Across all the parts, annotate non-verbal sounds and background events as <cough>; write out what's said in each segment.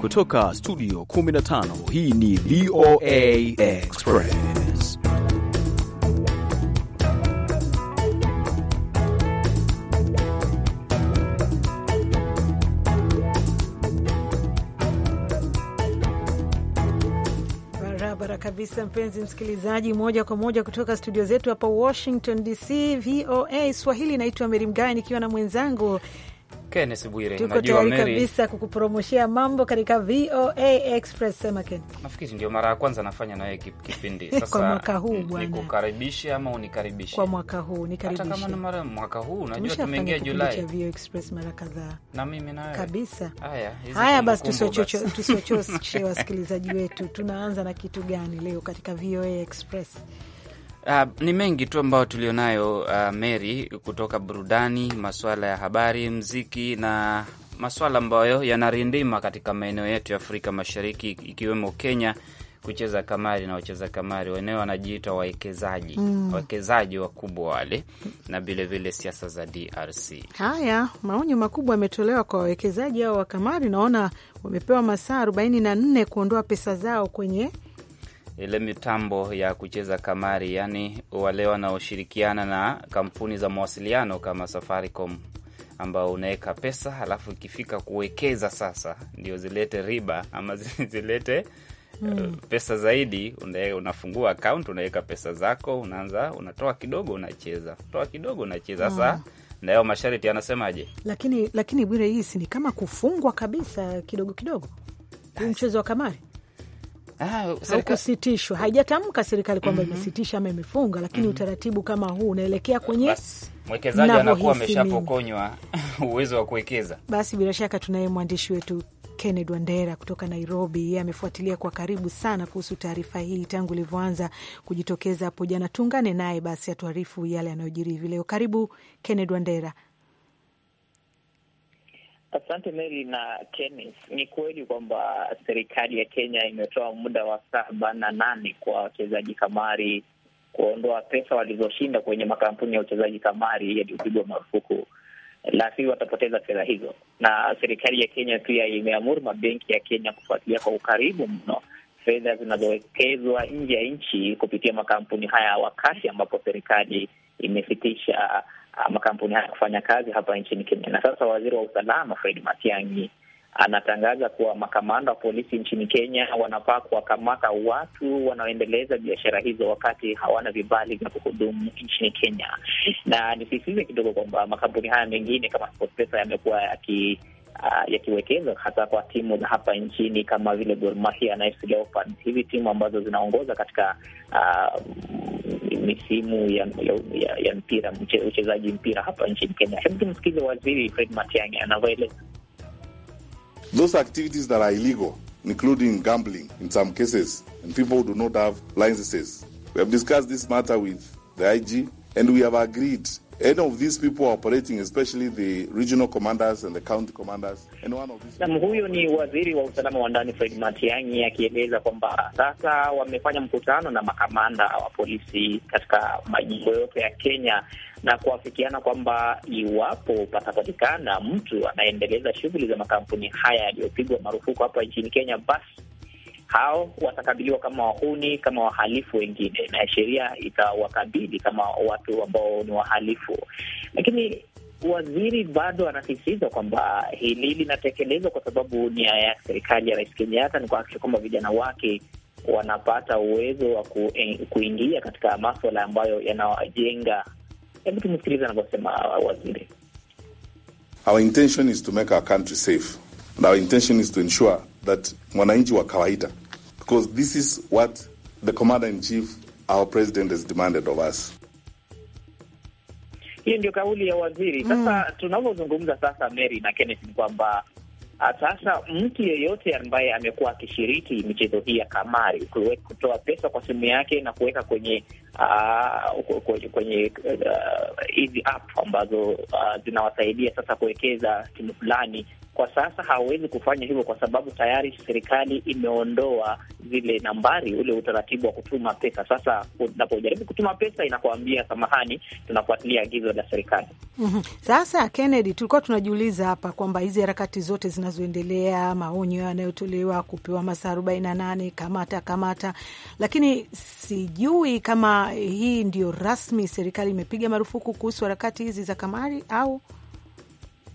Kutoka studio 15 hii ni VOA Express. Barabara kabisa, mpenzi msikilizaji, moja kwa moja kutoka studio zetu hapa Washington DC, VOA Swahili. Naitwa Meri Mgawe nikiwa na mwenzangu Kenneth Bwire, tuko tayari kabisa kukupromoshia mambo katika VOA Express. Sema Ken. nafikiri ndio mara ya kwanza nafanya nawe kipindi <laughs> sasa kwa mwaka huu bwana, nikukaribishe ama unikaribishe kwa mwaka huu? Nikaribishe hata kama mara mwaka huu, najua tumeingia Julai cha VOA Express mara kadhaa, na mimi nawe kabisa. Haya, haya basi, tusiochoshe <laughs> wasikilizaji wetu, tunaanza na kitu gani leo katika VOA Express? Uh, ni mengi tu ambayo tulionayo uh, Mary, kutoka burudani, maswala ya habari, mziki na maswala ambayo yanarindima katika maeneo yetu ya Afrika Mashariki ikiwemo Kenya kucheza kamari na wacheza kamari wenyewe wanajiita wawekezaji mm. wawekezaji wakubwa wale, na vilevile siasa za DRC. Haya, maonyo makubwa yametolewa kwa wawekezaji hao wa kamari, naona wamepewa masaa arobaini na nne kuondoa pesa zao kwenye ile mitambo ya kucheza kamari, yaani wale wanaoshirikiana na kampuni za mawasiliano kama Safaricom ambao unaweka pesa halafu ikifika kuwekeza sasa ndio zilete riba ama <laughs> zilete mm. pesa zaidi. Unafungua akaunti, unaweka pesa zako, unaanza unatoa kidogo, unacheza toa kidogo, unacheza sasa hmm. Nayo masharti anasemaje? Lakini lakini Bwire, hii si ni kama kufungwa kabisa kidogo kidogo, mchezo wa kamari ah, haijatamka serikali kwamba mm -hmm. imesitisha ama imefunga, lakini mm -hmm. utaratibu kama huu unaelekea kwenye mwekezaji anakuwa ameshapokonywa <laughs> uwezo wa kuwekeza. Basi bila shaka tunaye mwandishi wetu Kennedy Wandera kutoka Nairobi. Yeye amefuatilia kwa karibu sana kuhusu taarifa hii tangu ilivyoanza kujitokeza hapo jana. Tuungane naye basi atuarifu yale yanayojiri hivi leo. Karibu Kennedy Wandera. Asante Meli na Kenis, ni kweli kwamba serikali ya Kenya imetoa muda wa saba na nane kwa wachezaji kamari kuondoa pesa walizoshinda kwenye makampuni ya uchezaji kamari yaliyopigwa marufuku, la si watapoteza fedha hizo. Na serikali ya Kenya pia imeamuru mabenki ya Kenya kufuatilia kwa ukaribu mno fedha zinazowekezwa nje ya nchi kupitia makampuni haya, wakati ambapo serikali imesitisha Ah, makampuni haya kufanya kazi hapa nchini Kenya. Na sasa waziri wa usalama Fred Matiang'i anatangaza kuwa makamanda wa polisi nchini Kenya wanafaa kuwakamata watu wanaoendeleza biashara hizo wakati hawana vibali vya kuhudumu nchini Kenya. Na nisisitize kidogo kwamba makampuni haya mengine kama SportPesa yamekuwa yaki Uh, yakiwekeza hasa kwa timu za hapa nchini kama vile Gor Mahia na AFC Leopards, hizi timu ambazo zinaongoza katika uh, misimu ya, ya, ya mpira mche, uchezaji mpira hapa nchini Kenya. Hebu tumsikize Waziri Fred Matiang'i anavyoeleza. Those activities that are illegal including gambling in some cases and people who do not have licenses. We have discussed this matter with the IG and we have agreed Nam huyo ni waziri wa usalama wa ndani Fred Matiang'i akieleza kwamba sasa wamefanya mkutano na makamanda wa polisi katika majimbo yote ya Kenya na kuafikiana kwamba iwapo patapatikana mtu anaendeleza shughuli za makampuni haya yaliyopigwa marufuku hapa nchini Kenya, basi hao watakabiliwa kama wahuni, kama wahalifu wengine, na sheria itawakabili kama watu ambao ni wahalifu. Lakini waziri bado anasisitiza kwamba hili linatekelezwa kwa sababu nia ya serikali ya Rais Kenyatta ni kuhakikisha kwamba vijana wake wanapata uwezo wa eh, kuingia katika maswala ambayo yanawajenga. Hebu tumsikiliza anavyosema waziri. Our intention is to make our country safe and our intention is to ensure that mwananchi wa kawaida because this is what the commander in chief our president has demanded of us. Hiyo ndio kauli ya waziri mm. sasa. Mm, tunavyozungumza sasa, Mary na Kenneth, ni kwamba ah, sasa mtu yeyote ambaye amekuwa akishiriki michezo hii ya kamari, kutoa pesa kwa simu yake na kuweka kwenye uh, kwenye eh, hizi uh, app ambazo uh, zinawasaidia sasa kuwekeza timu fulani kwa sasa hawawezi kufanya hivyo kwa sababu tayari serikali imeondoa zile nambari, ule utaratibu wa kutuma pesa. Sasa unapojaribu kutuma pesa inakuambia samahani, tunafuatilia agizo la serikali. mm -hmm. Sasa Kennedy, tulikuwa tunajiuliza hapa kwamba hizi harakati zote zinazoendelea, maonyo yanayotolewa, kupewa masaa arobaini na nane, kamata kamata, lakini sijui kama hii ndio rasmi serikali imepiga marufuku kuhusu harakati hizi za kamari au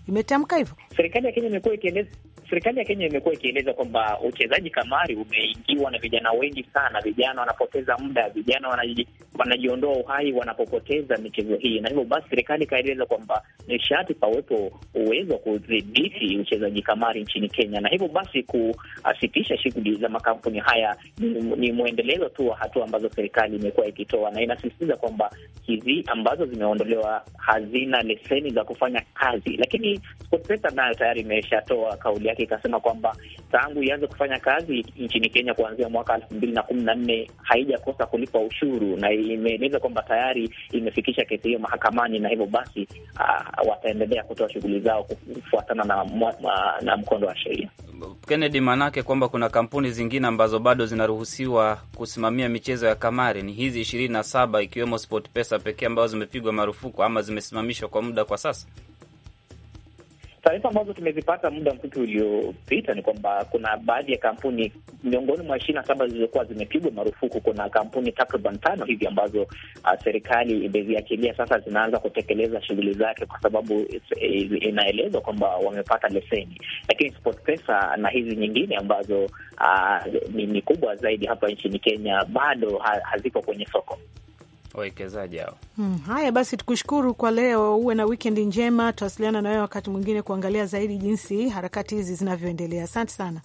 imetamka hivyo. Serikali ya Kenya imekuwa ikieleza serikali ya Kenya imekuwa ikieleza kwamba uchezaji kamari umeingiwa na vijana wengi sana. Vijana wanapoteza muda, vijana wanaji, wanajiondoa uhai wanapopoteza michezo hii, na hivyo basi serikali ikaeleza kwamba ni sharti pawepo uwezo wa kudhibiti uchezaji kamari nchini Kenya, na hivyo basi kusitisha shughuli za makampuni haya ni, ni mwendelezo tu wa hatua ambazo serikali imekuwa ikitoa, na inasisitiza kwamba hizi ambazo zimeondolewa hazina leseni za kufanya kazi, lakini SportPesa nayo tayari imeshatoa kauli yake ikasema kwamba tangu ianze kufanya kazi nchini Kenya kuanzia mwaka elfu mbili na kumi na nne haijakosa kulipa ushuru, na imeeleza kwamba tayari imefikisha kesi hiyo mahakamani, na hivyo basi uh, wataendelea kutoa shughuli zao kufuatana na, na mkondo wa sheria. Kennedy, maanake kwamba kuna kampuni zingine ambazo bado zinaruhusiwa kusimamia michezo ya kamari, ni hizi ishirini na saba ikiwemo Pesa pekee ambazo zimepigwa marufuku ama zimesimamishwa kwa muda kwa sasa. Taarifa ambazo tumezipata muda mfupi uliopita ni kwamba kuna baadhi ya kampuni miongoni mwa ishirini na saba zilizokuwa zimepigwa marufuku, kuna kampuni takriban tano hivi ambazo uh, serikali imeziachilia sasa, zinaanza kutekeleza shughuli zake kwa sababu inaelezwa kwamba wamepata leseni. Lakini SportPesa na hizi nyingine ambazo uh, ni, ni kubwa zaidi hapa nchini Kenya bado ha, haziko kwenye soko wawekezaji hao. Hmm, haya basi, tukushukuru kwa leo, uwe na wikendi njema. Tutawasiliana na wewe wakati mwingine kuangalia zaidi jinsi harakati hizi zinavyoendelea. Asante sana.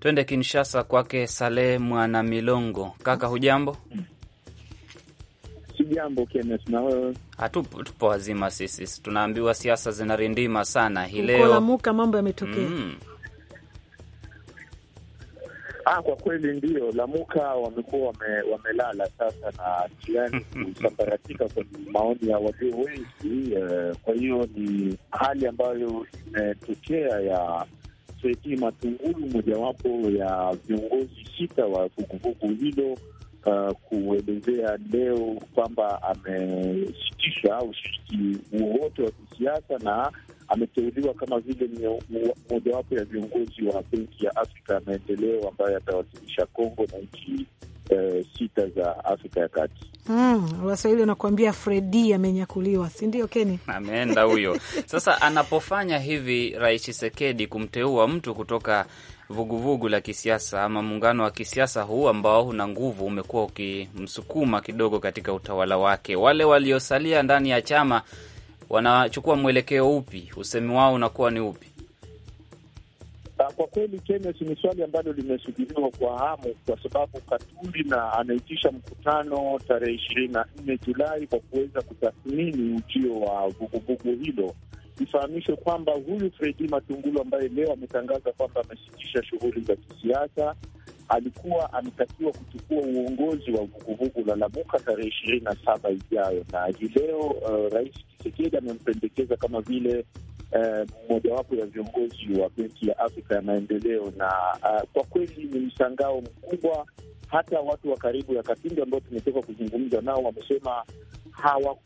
Twende Kinshasa kwake Saleh Mwana Milongo. Kaka hujambo? Sijambo Kenes, na wewe? Hatupo, tupo wazima sisi. Tunaambiwa siasa zinarindima sana hii leo, mambo yametokea mm. Ah, kwa kweli ndio Lamuka wamekuwa wame, wamelala sasa na jiani <laughs> kusambaratika kwa maoni ya walio wengi eh. Kwa hiyo ni hali ambayo imetokea ya Seti Matungulu, mojawapo ya viongozi sita wa vuguvugu hilo Uh, kuelezea leo kwamba amesitisha ushiriki wowote wa kisiasa na ameteuliwa kama vile mojawapo ya viongozi wa Benki ya Afrika ya Maendeleo ambayo atawasilisha Kongo na nchi e, sita za Afrika ya Kati. Mm, Waswahili wanakuambia Fredi amenyakuliwa, si ndio? Keni ameenda huyo. <laughs> Sasa anapofanya hivi Rais Chisekedi kumteua mtu kutoka vuguvugu la kisiasa ama muungano wa kisiasa huu ambao una nguvu umekuwa ukimsukuma kidogo katika utawala wake, wale waliosalia ndani ya chama wanachukua mwelekeo upi? Usemi wao unakuwa ni upi? Ah, kwa kweli Kenes, ni swali ambalo limesubiriwa kwa hamu, kwa sababu Katuli na anaitisha mkutano tarehe ishirini na nne Julai kwa kuweza kutathmini ujio wa vuguvugu hilo. Ifahamishwe kwamba huyu Fredi Matungulu ambaye leo ametangaza kwamba amesitisha shughuli za kisiasa alikuwa ametakiwa kuchukua uongozi wa vuguvugu la Lamuka tarehe ishirini na saba ijayo, na hii leo uh, Rais Tshisekedi amempendekeza kama vile mmojawapo uh, ya viongozi wa Benki ya Afrika ya Maendeleo, na uh, kwa kweli ni mshangao mkubwa. Hata watu wa karibu ya Katindi ambao tumetoka kuzungumza nao wamesema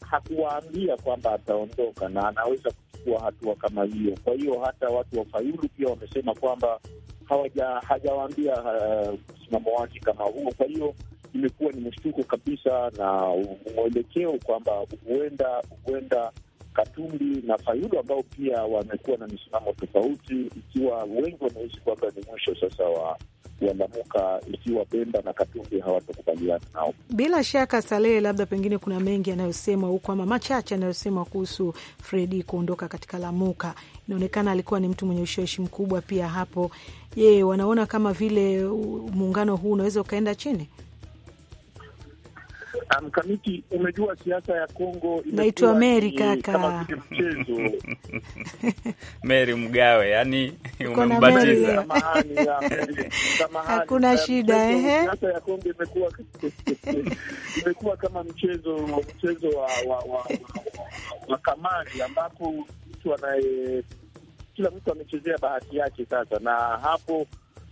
hakuwaambia kwamba ataondoka na anaweza kuchukua hatua kama hiyo. Kwa hiyo hata watu wa Fayulu pia wamesema kwamba hajawaambia uh, msimamo uh, wake kama huo. Kwa hiyo imekuwa ni mshtuko kabisa na mwelekeo kwamba huenda huenda Katumbi na Fayulu ambao pia wamekuwa na misimamo tofauti, ikiwa wengi wanahisi kwamba ni mwisho sasa wa kuandamuka ikiwa Bemba na Katumbi hawatakubaliana nao. Bila shaka, Salehe, labda pengine kuna mengi yanayosemwa huko ama machache yanayosemwa kuhusu Fredi kuondoka katika Lamuka. Inaonekana alikuwa ni mtu mwenye ushawishi mkubwa pia hapo. Je, wanaona kama vile muungano huu unaweza ukaenda chini? Um, umejua siasa ya Kongo naitwa Meri kaka, Meri <laughs> Mgawe, yani umembatiza <laughs> hakuna um, shida. Ehe, siasa ya Kongo imekuwa <laughs> imekuwa kama mchezo mchezo wa, wa, wa, wa, wa kamari ambapo mtu anaye kila mtu amechezea bahati yake sasa, na hapo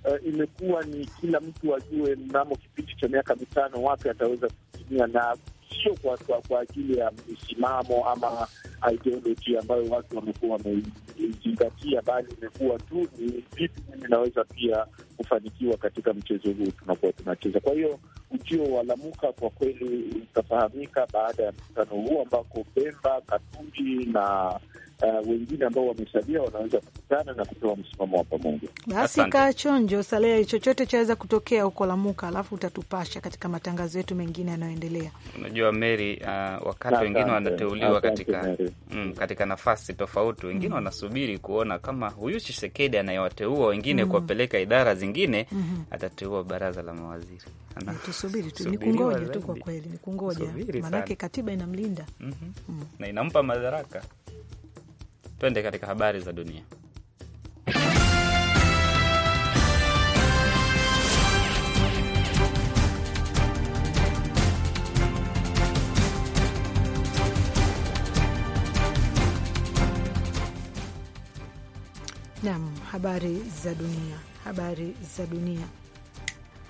uh, imekuwa ni kila mtu ajue mnamo kipindi cha miaka mitano wapi ataweza kutumia, na sio kwa, kwa, kwa ajili ya msimamo ama ideoloji ambayo watu wamekuwa wameizingatia, bali imekuwa tu ni vipi mimi naweza pia kufanikiwa katika mchezo huu tunakuwa tunacheza. Kwa hiyo ujio wa Lamuka kwa kweli utafahamika baada ya mkutano huu ambako Pemba, Katumbi na uh, wengine ambao wamesalia wanaweza kukutana na kutoa msimamo wa pamoja. Basi kaa chonjo Salehe, chochote chaweza kutokea huko Lamuka, alafu utatupasha katika matangazo yetu mengine yanayoendelea. Unajua Meri, uh, wakati wengine wanateuliwa katika, mm, katika nafasi tofauti, wengine mm -hmm. wanasubiri kuona kama huyu Chisekedi anayewateua wengine mm -hmm. kuwapeleka idara zingine mm -hmm. atateua baraza la mawaziri. Eh, tusubiri tu, ni kungoja tu kwa kweli, ni kungoja, maanake katiba inamlinda mm -hmm. mm. na inampa madaraka Twende katika habari za dunia. Nam, habari za dunia. Habari za dunia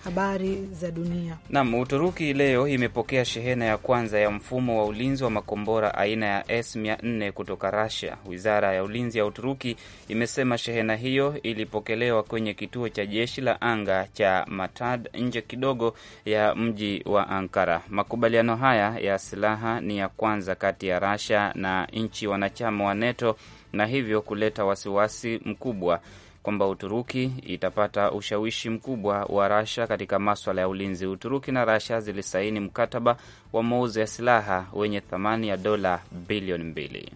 habari za dunia. Nam, Uturuki leo imepokea shehena ya kwanza ya mfumo wa ulinzi wa makombora aina ya S400 kutoka Russia. Wizara ya ulinzi ya Uturuki imesema shehena hiyo ilipokelewa kwenye kituo cha jeshi la anga cha Matad nje kidogo ya mji wa Ankara. Makubaliano haya ya silaha ni ya kwanza kati ya Russia na nchi wanachama wa NATO na hivyo kuleta wasiwasi mkubwa kwamba Uturuki itapata ushawishi mkubwa wa Rasha katika maswala ya ulinzi. Uturuki na Rasha zilisaini mkataba wa mauzo ya silaha wenye thamani ya dola bilioni mbili.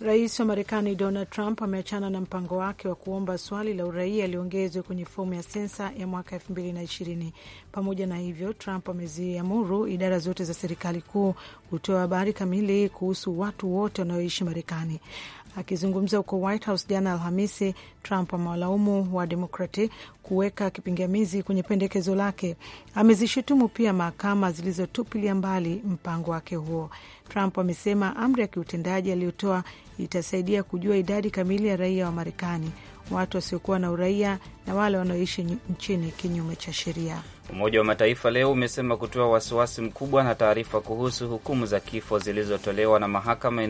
Rais wa Marekani Donald Trump ameachana na mpango wake wa kuomba swali la uraia liongezwe kwenye fomu ya sensa ya mwaka ishirini. Pamoja na hivyo, Trump ameziamuru idara zote za serikali kuu kutoa habari kamili kuhusu watu wote wanaoishi Marekani. Akizungumza huko White House jana Alhamisi, Trump amewalaumu wa Demokrati kuweka kipingamizi kwenye pendekezo lake. Amezishutumu pia mahakama zilizotupilia mbali mpango wake huo. Trump amesema amri ya kiutendaji aliyotoa itasaidia kujua idadi kamili ya raia wa Marekani, watu wasiokuwa na uraia na wale wanaoishi nchini kinyume cha sheria. Umoja wa Mataifa leo umesema kutoa wasiwasi mkubwa na taarifa kuhusu hukumu za kifo zilizotolewa na mahakama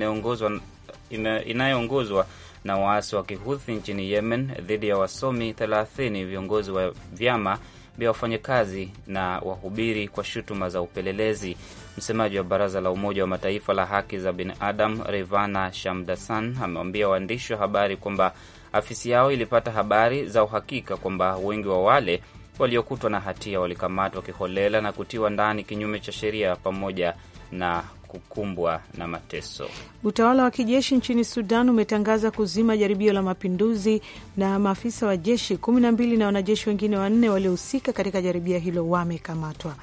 inayoongozwa na waasi wa Kihuthi nchini Yemen dhidi ya wasomi 30 viongozi wa vyama vya wafanyakazi na wahubiri kwa shutuma za upelelezi. Msemaji wa baraza la Umoja wa Mataifa la haki za binadamu rivana Shamdasan amewambia waandishi wa habari kwamba afisi yao ilipata habari za uhakika kwamba wengi wa wale waliokutwa na hatia walikamatwa kiholela na kutiwa ndani kinyume cha sheria pamoja na kukumbwa na mateso. Utawala wa kijeshi nchini Sudan umetangaza kuzima jaribio la mapinduzi na maafisa wa jeshi kumi na mbili na wanajeshi wengine wanne waliohusika katika jaribio hilo wamekamatwa.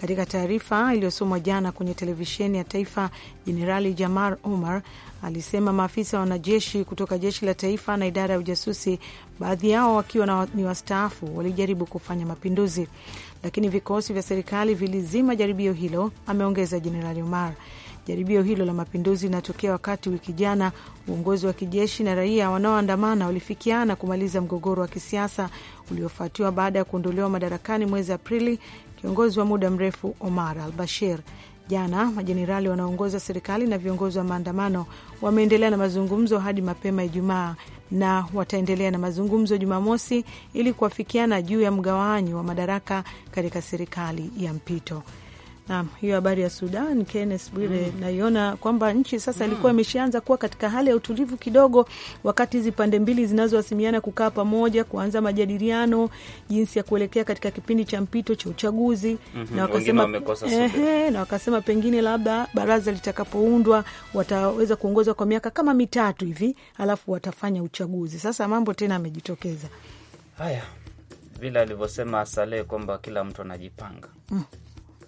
Katika taarifa iliyosomwa jana kwenye televisheni ya taifa, Jenerali Jamar Omar alisema maafisa wa wanajeshi kutoka jeshi la taifa na idara ya ujasusi, baadhi yao wakiwa ni wastaafu, walijaribu kufanya mapinduzi, lakini vikosi vya serikali vilizima jaribio hilo, ameongeza Jenerali Omar. Jaribio hilo la mapinduzi linatokea wakati wiki jana uongozi wa kijeshi na raia wanaoandamana walifikiana kumaliza mgogoro wa kisiasa uliofuatiwa baada ya kuondolewa madarakani mwezi Aprili Kiongozi wa muda mrefu Omar al Bashir. Jana majenerali wanaoongoza serikali na viongozi wa maandamano wameendelea na mazungumzo hadi mapema Ijumaa na wataendelea na mazungumzo Jumamosi ili kuafikiana juu ya mgawanyo wa madaraka katika serikali ya mpito. Naam, hiyo habari ya Sudan, Kenneth Bwire, mm. naiona kwamba nchi sasa mm. ilikuwa mm. imeshaanza kuwa katika hali ya utulivu kidogo, wakati hizi pande mbili zinazohasimiana kukaa pamoja kuanza majadiliano jinsi ya kuelekea katika kipindi cha mpito cha uchaguzi mm -hmm. na wakasema ehe, na wakasema pengine labda baraza litakapoundwa wataweza kuongoza kwa miaka kama mitatu hivi, alafu watafanya uchaguzi. Sasa mambo tena yamejitokeza haya vile alivyosema Saleh kwamba kila mtu anajipanga mm.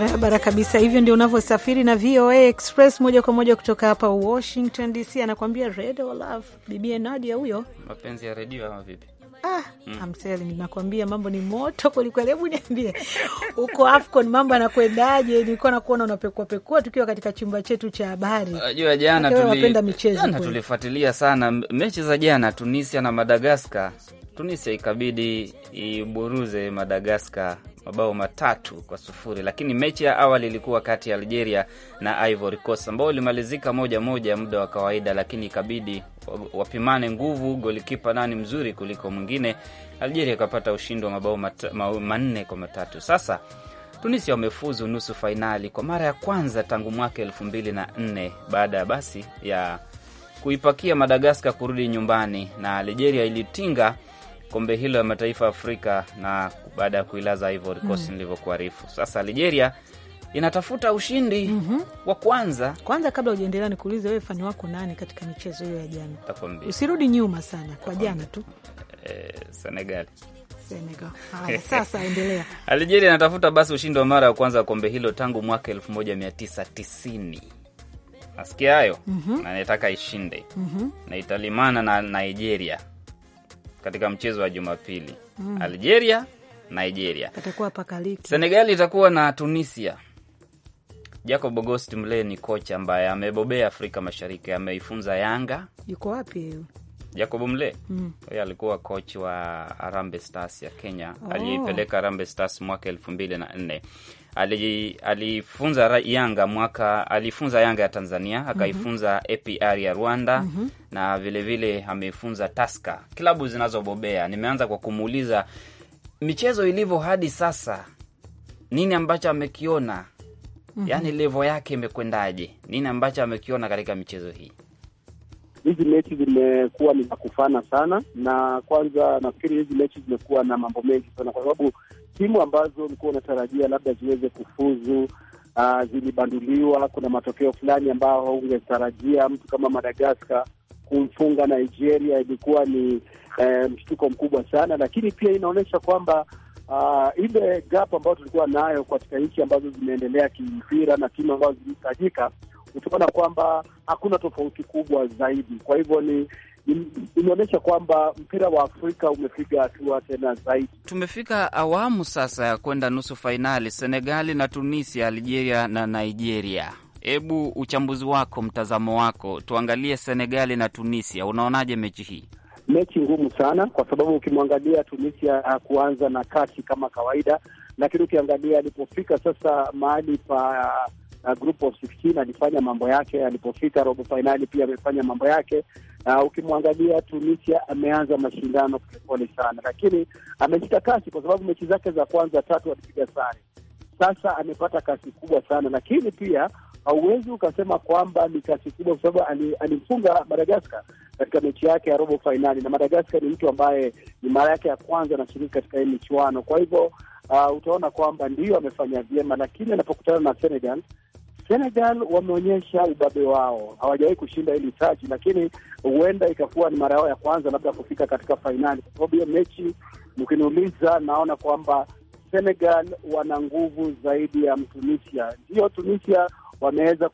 barabara kabisa. Hivyo ndio unavyosafiri na VOA Express moja kwa moja kutoka hapa Washington DC. Anakuambia redio love, bibie Nadia huyo, mapenzi ya redio ama vipi? Ah, mm. Nakwambia mambo ni moto kwelikweli. Hebu niambie uko AFCON mambo anakwendaje? Nilikuwa nakuona unapekuapekua tukiwa katika chumba chetu cha habari. Unajua jana, tuli, jana tulifuatilia sana mechi za jana Tunisia na Madagaskar Tunisia ikabidi iburuze Madagaskar mabao matatu kwa sufuri, lakini mechi ya awali ilikuwa kati ya Algeria na Ivory Coast ambao ilimalizika moja moja muda wa kawaida, lakini ikabidi wapimane nguvu, golikipa nani mzuri kuliko mwingine. Algeria ikapata ushindi wa mabao manne kwa matatu. Sasa Tunisia wamefuzu nusu fainali kwa mara ya kwanza tangu mwaka elfu mbili na nne baada ya basi ya kuipakia Madagaskar kurudi nyumbani na Algeria ilitinga kombe hilo ya mataifa Afrika na baada ya kuilaza Ivory hmm. Coast mm. nilivyokuarifu. Sasa Nigeria inatafuta ushindi mm -hmm. wa kwanza kwanza. Kabla ujaendelea, nikuulize wewe, fani wako nani katika michezo hiyo ya jana? Usirudi nyuma sana kwa jana tu eh, Senegal. Senegal. Haya, sasa <laughs> endelea. Algeria inatafuta basi ushindi wa mara ya kwanza wa kombe hilo tangu mwaka 1990. Nasikia hayo mm -hmm. na nataka ishinde mm -hmm. na italimana na Nigeria katika mchezo wa Jumapili mm. Algeria Nigeria, Senegal itakuwa na Tunisia. Jacob Ogost Mle ni kocha ambaye amebobea Afrika Mashariki, ameifunza Yanga. Yuko wapi? Jacob Mle mm. alikuwa coach wa Arambe Stars ya Kenya oh. aliyeipeleka Arambe Stars mwaka elfu mbili na nne alifunza Yanga mwaka alifunza Yanga ya Tanzania akaifunza mhm. APR ya Rwanda mm -hmm. na vilevile vile amefunza Taska, klabu zinazobobea. Nimeanza kwa kumuuliza michezo ilivyo hadi sasa, nini ambacho amekiona, mm -hmm. yani levo yake imekwendaje, nini ambacho amekiona katika michezo hii hizi mechi zimekuwa ni za kufana sana, na kwanza nafikiri hizi mechi zimekuwa na mambo mengi sana, kwa sababu timu ambazo ulikuwa unatarajia labda ziweze kufuzu uh, zilibanduliwa. Kuna matokeo fulani ambayo ungetarajia mtu kama Madagaskar kumfunga Nigeria ilikuwa ni eh, mshtuko mkubwa sana, lakini pia inaonyesha kwamba uh, ile gap ambayo tulikuwa nayo katika nchi ambazo zimeendelea kimpira na timu ambazo zilihitajika utaona kwamba hakuna tofauti kubwa zaidi. Kwa hivyo ni imeonyesha kwamba mpira wa Afrika umefika hatua tena zaidi. Tumefika awamu sasa ya kwenda nusu fainali, Senegali na Tunisia, Algeria na Nigeria. Hebu uchambuzi wako, mtazamo wako, tuangalie Senegali na Tunisia. Unaonaje mechi hii? Mechi ngumu sana, kwa sababu ukimwangalia Tunisia kuanza na kasi kama kawaida, lakini ukiangalia alipofika sasa mahali pa uh, group of 16 alifanya mambo yake, alipofika robo fainali pia amefanya mambo yake. Uh, ukimwangalia Tunisia ameanza mashindano polepole sana, lakini ameshika kasi kwa sababu mechi zake za kwanza tatu alipiga sare. Sasa amepata kasi kubwa sana, lakini pia hauwezi ukasema kwamba ni kasi kubwa kwa sababu alimfunga Madagaskar katika mechi yake ya robo fainali, na Madagaskar ni mtu ambaye ni mara yake ya kwanza anashiriki katika hii michuano. Kwa hivyo uh, utaona kwamba ndio amefanya vyema, lakini anapokutana na Senegal Senegal wameonyesha ubabe wao, hawajawahi kushinda hili taji, lakini huenda ikakuwa ni mara yao ya kwanza labda kufika katika fainali. Kwa sababu hiyo mechi, mkiniuliza, naona kwamba Senegal wana nguvu zaidi ya Mtunisia. Ndiyo, Tunisia wameweza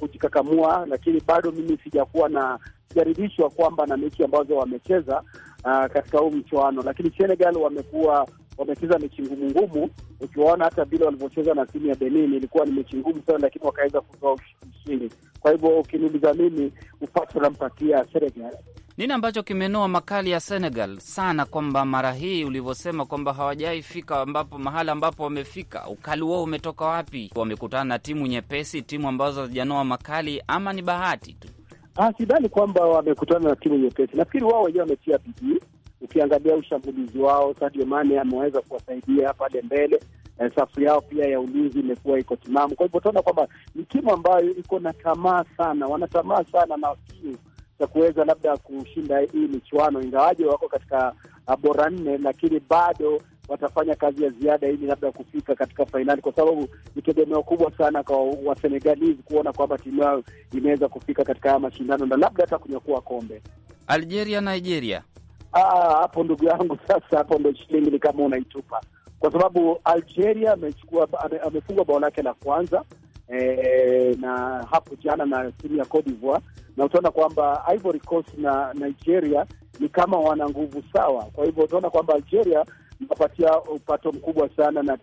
kujikakamua, lakini bado mimi sijakuwa na sijaridhishwa kwamba na mechi ambazo wamecheza uh, katika huu mchuano, lakini Senegal wamekuwa wamecheza mechi ngumu ngumu. Ukiwaona hata vile walivyocheza na timu ya Benin ilikuwa ni mechi ngumu sana, lakini wakaweza kutoa ushindi. Kwa hivyo ukiniuliza mimi, upato unampatia Senegal nini ambacho kimenoa makali ya Senegal sana, kwamba mara hii ulivyosema kwamba hawajai fika ambapo mahala ambapo wamefika, ukali wao umetoka wapi? Wamekutana na timu nyepesi, timu ambazo hazijanoa makali, ama ni bahati tu? Ah, sidhani kwamba wamekutana na timu nyepesi. Nafikiri wao wenyewe wametia bidii. Ukiangalia ushambulizi wao, Sadio Mane ameweza kuwasaidia pale mbele eh, safu yao pia ya ulinzi imekuwa iko timamu. Kwa hivyo tunaona kwamba ni timu ambayo iko na tamaa sana, wanatamaa sana na kiu cha kuweza labda kushinda hii michuano, ingawaje wako katika uh, bora nne, lakini bado watafanya kazi ya ziada ili labda kufika katika fainali, kwa sababu ni tegemeo kubwa sana kwa Wasenegalese kuona kwamba timu yao imeweza kufika katika haya mashindano na labda hata kunyakua kombe. Algeria, Nigeria, ah, hapo ndugu yangu, sasa hapo ndo shilingi ni kama unaitupa, kwa sababu Algeria amechukua amefungwa bao lake la kwanza e, na hapo jana na timu ya Cote d'Ivoire, na utaona kwamba Ivory Coast na Nigeria ni kama wana nguvu sawa. Kwa hivyo utaona kwamba Algeria inapatia upato mkubwa sana na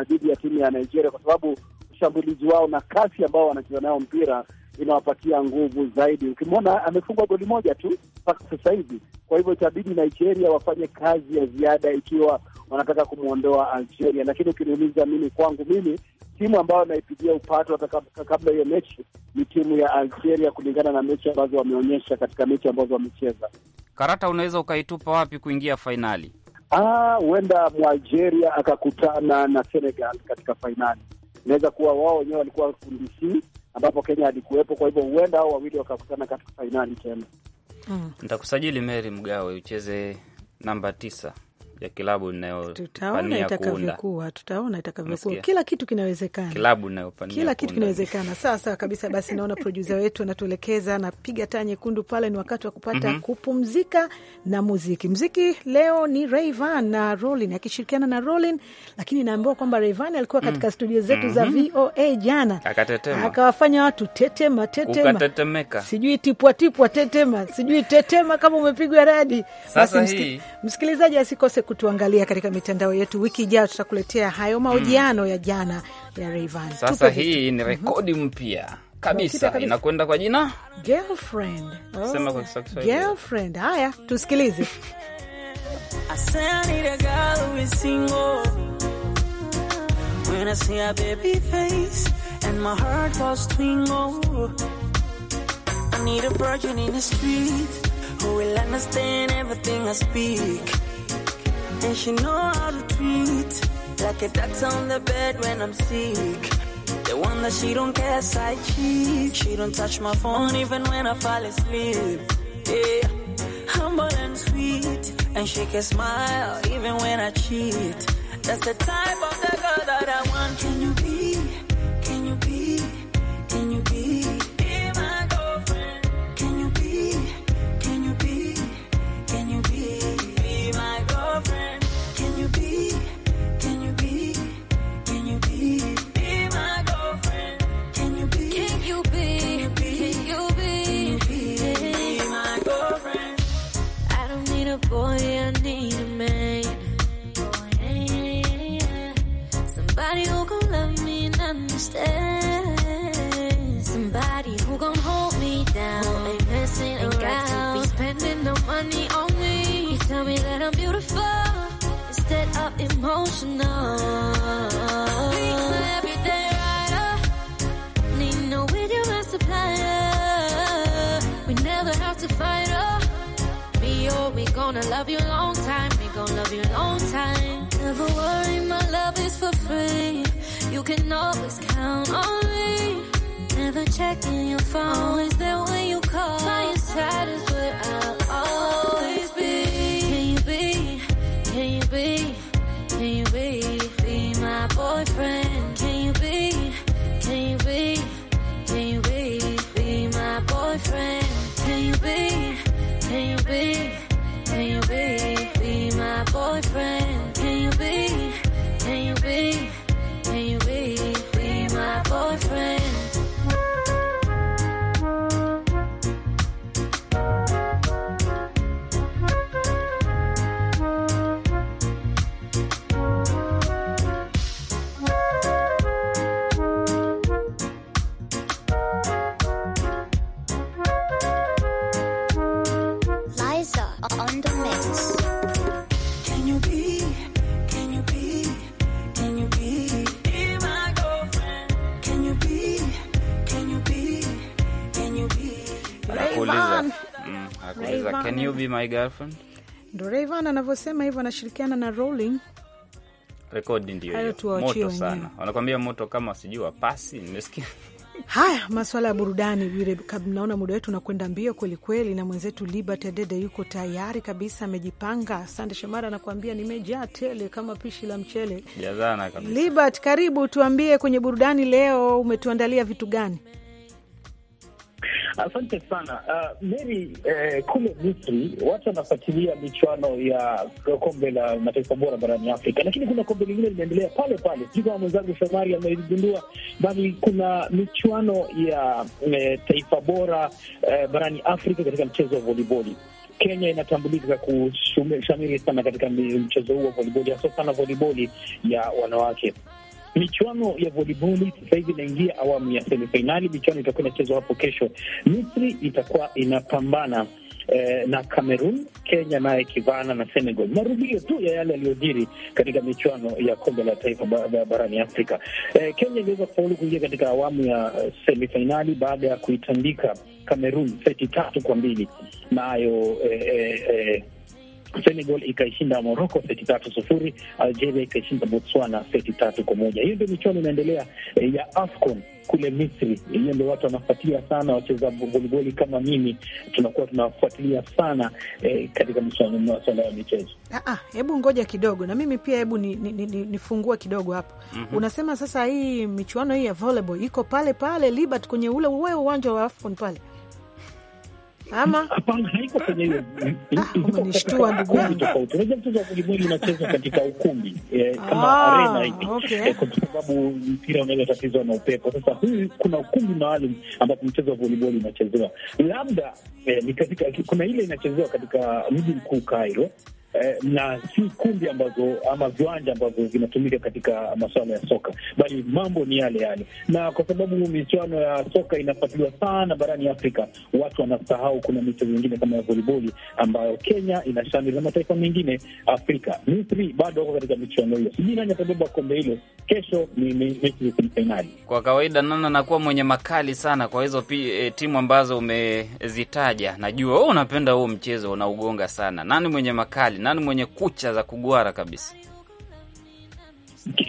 e, dhidi ya timu ya Nigeria kwa sababu ushambulizi wao na kasi ambao wanacheza nayo mpira inawapatia nguvu zaidi. Ukimwona amefungwa goli moja tu mpaka sasa hivi. Kwa hivyo itabidi Nigeria wafanye kazi ya ziada ikiwa wanataka kumwondoa Algeria, lakini ukiniuliza mimi, kwangu mimi timu ambayo anaipigia upato hata kabla hiyo mechi ni timu ya Algeria, kulingana na mechi ambazo wameonyesha katika mechi ambazo wamecheza. Karata unaweza ukaitupa wapi kuingia fainali? Ah, huenda Mwalgeria akakutana na Senegal katika fainali. Inaweza kuwa wao wenyewe walikuwa kundi C ambapo Kenya alikuwepo, kwa hivyo huenda hao wawili wakakutana katika fainali tena. Mm. Nitakusajili Mary Mgawe ucheze namba tisa ya kilabu tutaona itakavyokuwa, tutaona itakavyokuwa. Kila kitu kinawezekana, kilabu inayopania kila kitu kinawezekana. Sawa sawa kabisa. Basi naona produsa wetu anatuelekeza, anapiga taa nyekundu pale. Ni wakati wa kupata mm -hmm. kupumzika na muziki. Mziki leo ni Rayvan na Rolin akishirikiana na Rolin, lakini naambiwa kwamba Rayvan alikuwa mm. katika mm -hmm. studio zetu mm -hmm. za mhm. VOA jana, akawafanya watu tetema tetema, sijui tipwatipwa tetema, sijui tetema kama umepigwa radi. Basi msikilizaji asikose kutuangalia katika mitandao yetu. Wiki ijayo tutakuletea hayo mahojiano mm. ya jana ya Rayvanny. Sasa hii ni mhm. rekodi mpya kabisa inakwenda kwa jina girlfriend. Sema kwa oh. Kiswahili girlfriend. Haya, tusikilize. <laughs> and she know how to treat. Like a duck on the bed when I'm sick. The one that she don't care, side cheek. She don't touch my phone even when I fall asleep. Yeah, humble and sweet, and she can smile even when I cheat. That's the type of the girl that I want. Can Sikiliza, can you be my girlfriend? Ndo Rayvanny anavyosema hivyo, anashirikiana na rekodi ndio hiyo moto sana, wanakwambia moto kama sijui wapasi, nimesikia Haya, maswala ya burudani vile, naona muda wetu unakwenda mbio kwelikweli, na mwenzetu Liberty Adede yuko tayari kabisa, amejipanga. Sande shomari anakuambia nimejaa tele kama pishi la mchele. Liberty, karibu tuambie, kwenye burudani leo umetuandalia vitu gani? Asante sana uh, Meri eh, kule Misri watu wanafuatilia michuano ya kombe la mataifa bora barani Afrika, lakini kuna kombe lingine linaendelea pale pale, sijui kama mwenzangu Shomari amegundua, bali kuna michuano ya eh, taifa bora eh, barani Afrika katika mchezo wa voliboli. Kenya inatambulika kushamiri sana katika mchezo huu wa voliboli, hasa sana voliboli ya wanawake michuano ya voliboli sasa hivi inaingia awamu ya semifainali. Michuano itakuwa inachezwa hapo kesho. Misri itakuwa inapambana Eh, na Cameroon, Kenya naye kivana na Senegal. Marudio tu ya yale yaliyojiri katika michuano ya kombe la taifa barani Afrika. Eh, Kenya iliweza kufaulu kuingia katika awamu ya semifainali baada ya kuitandika Cameroon seti tatu kwa mbili nayo eh, eh, eh Senegal ikaishinda Moroko seti tatu sufuri. Algeria ikaishinda Botswana seti tatu kwa moja. Hiyo ndio michuano inaendelea eh, ya AFCON kule Misri. Hiyo ndio watu wanafuatilia sana, wacheza voliboli kama mimi tunakuwa tunafuatilia sana eh, katika masuala ya michezo. Ah, ah, hebu ngoja kidogo, na mimi pia hebu nifungue ni, ni, ni kidogo hapo mm -hmm. Unasema sasa hii michuano hii ya volleyball iko pale pale Libat kwenye ule uwe uwanja wa AFCON pale ama hapana, haiko kwenye hiyo. Ah, umenishtua ndugu yangu, tofauti. Unajua mchezo wa voleiboli unachezwa katika ukumbi eh, ah, kama arena hivi, eh, kwa sababu mpira unaweza tatizwa na upepo. Sasa huu kuna ukumbi maalum ambapo mchezo wa voleiboli unachezewa, labda eh, ni katika, kuna ile inachezewa katika mji mkuu Cairo Eh, na si kumbi ambazo ama viwanja ambavyo vinatumika katika masuala ya soka, bali mambo ni yale yale. Na kwa sababu michuano ya soka inafuatiliwa sana barani Afrika, watu wanasahau kuna michezo mingine kama ya voliboli ambayo Kenya ina inashamiri na mataifa mengine Afrika. Misri bado wako katika michuano hiyo, sijui nani atabeba kombe hilo. Kesho ni Misri semifainali. Kwa kawaida, Nana nakuwa mwenye makali sana kwa hizo e, timu ambazo umezitaja. Najua wewe unapenda huo mchezo, unaugonga sana. Nani mwenye makali? Nani mwenye kucha za kugwara kabisa?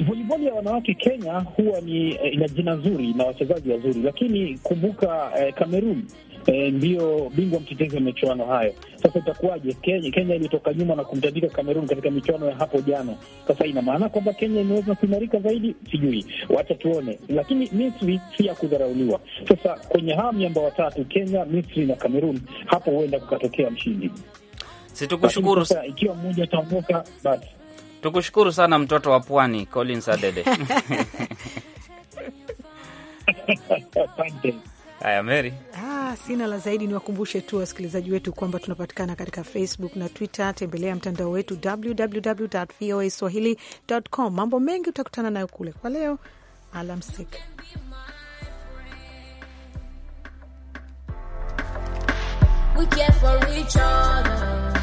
Voliboli ya wanawake Kenya huwa ni ina eh, jina zuri na wachezaji wazuri, lakini kumbuka Kamerun eh, eh, ndio bingwa mtetezi wa michuano hayo. Sasa itakuwaje? Kenya, Kenya ilitoka nyuma na kumtandika Kamerun katika michuano ya hapo jana. Sasa ina maana kwamba Kenya imeweza kuimarika zaidi? Sijui, wacha tuone. Lakini Misri si ya kudharauliwa. Sasa kwenye haa miamba watatu, Kenya, Misri na Kamerun, hapo huenda kukatokea mshindi. Situkushukuru ikiwa mmoja ataondoka basi. Tukushukuru sana mtoto wa pwani Collins Adede. Haya, Mary. Ah, sina la zaidi, niwakumbushe tu wasikilizaji wetu kwamba tunapatikana katika Facebook na Twitter. Tembelea mtandao wetu www.voaswahili.com. Mambo mengi utakutana nayo kule. Kwa leo, alamsiki. We care for each other.